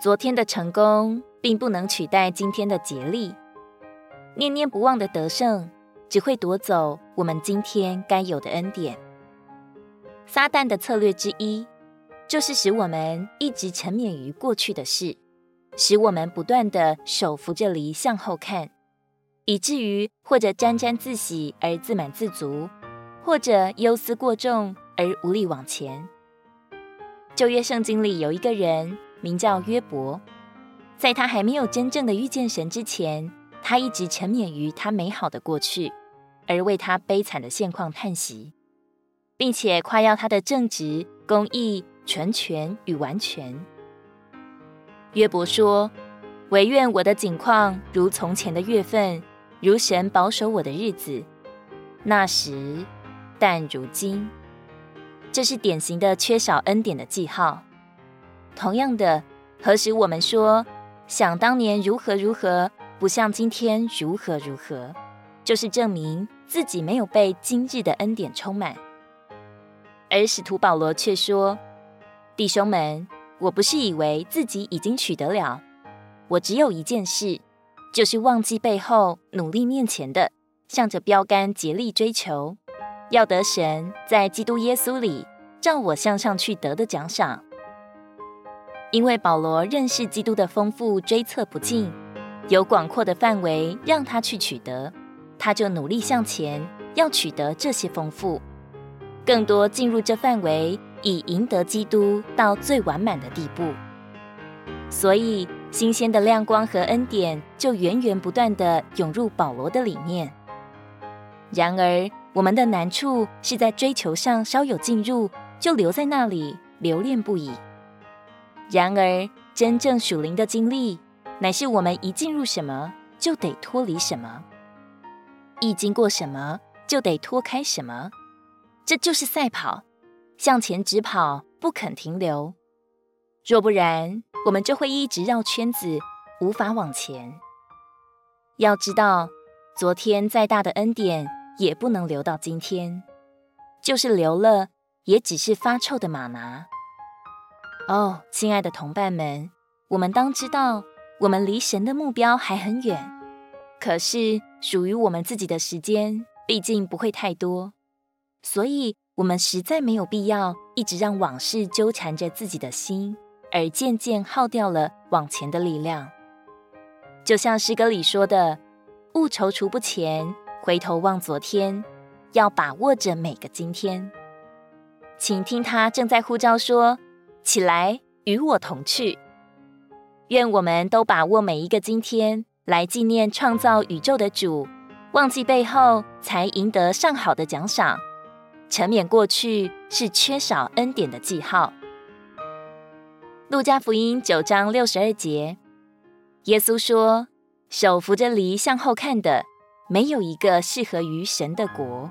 昨天的成功並不能取代今天的竭力，念念不忘的得勝只會奪走我們今天該有的恩典。撒旦的策略之一，就是使我們一直沉湎於過去的事，使我們不斷的手扶着犁向後看，以至於或者沾沾自喜而自滿自足，或者憂思過重而無力往前。舊約聖經裡有一個人，名叫約伯，在他還沒有真正的遇見神之前，他一直沉湎於他美好的過去，而為他悲慘的現況嘆息，並且誇耀他的正直、公義、純全與完全。約伯說：“惟願我的景況如從前的月份，如神保守我的日子。那時，但如今，這是典型的缺少恩典的記號。”同樣的，何時我們說想當年如何如何，不像今天如何如何，就是證明自己沒有被今日的恩典充滿。而使徒保羅卻說：“弟兄們，我不是以為自己已經取得了，我只有一件事，就是忘記背後努力面前的，向着標竿竭力追求，要得神在基督耶穌裡召我向上去得的獎賞。”因為保羅認識基督的豐富追測不盡，有廣闊的範圍讓他去取得，他就努力向前，要取得這些豐富，更多進入這範圍，以贏得基督到最完滿的地步。所以新鮮的亮光和恩典就源源不斷地湧入保羅的裡面。然而我們的難處是在追求上稍有進入，就留在那裡留戀不已。然而，真正屬靈的經歷，乃是我們一進入什麼就得脫離什麼，一經過什麼就得脫開什麼。這就是賽跑，向前直跑，不肯停留。若不然，我們就會一直繞圈子，無法往前。要知道，昨天再大的恩典，也不能留到今天；就是留了，也只是發臭的馬拿。哦，oh, 親愛的同伴們，我們當知道，我們離神的目標還很遠。可是，屬於我們自己的時間畢竟不會太多，所以，我們實在沒有必要一直讓往事糾纏着自己的心，而漸漸耗掉了往前的力量。就像詩歌裡說的：“勿躊躇不前，回頭望昨天，要把握着每個今天。”請聽他正在呼召說。起來，與我同去。願我們都把握每一個今天，來紀念創造宇宙的主。忘記背後，才贏得上好的獎賞。沉湎過去，是缺少恩典的記號。路加福音九章六十二節，耶穌說：“手扶着犁向後看的，沒有一個適合於神的國。”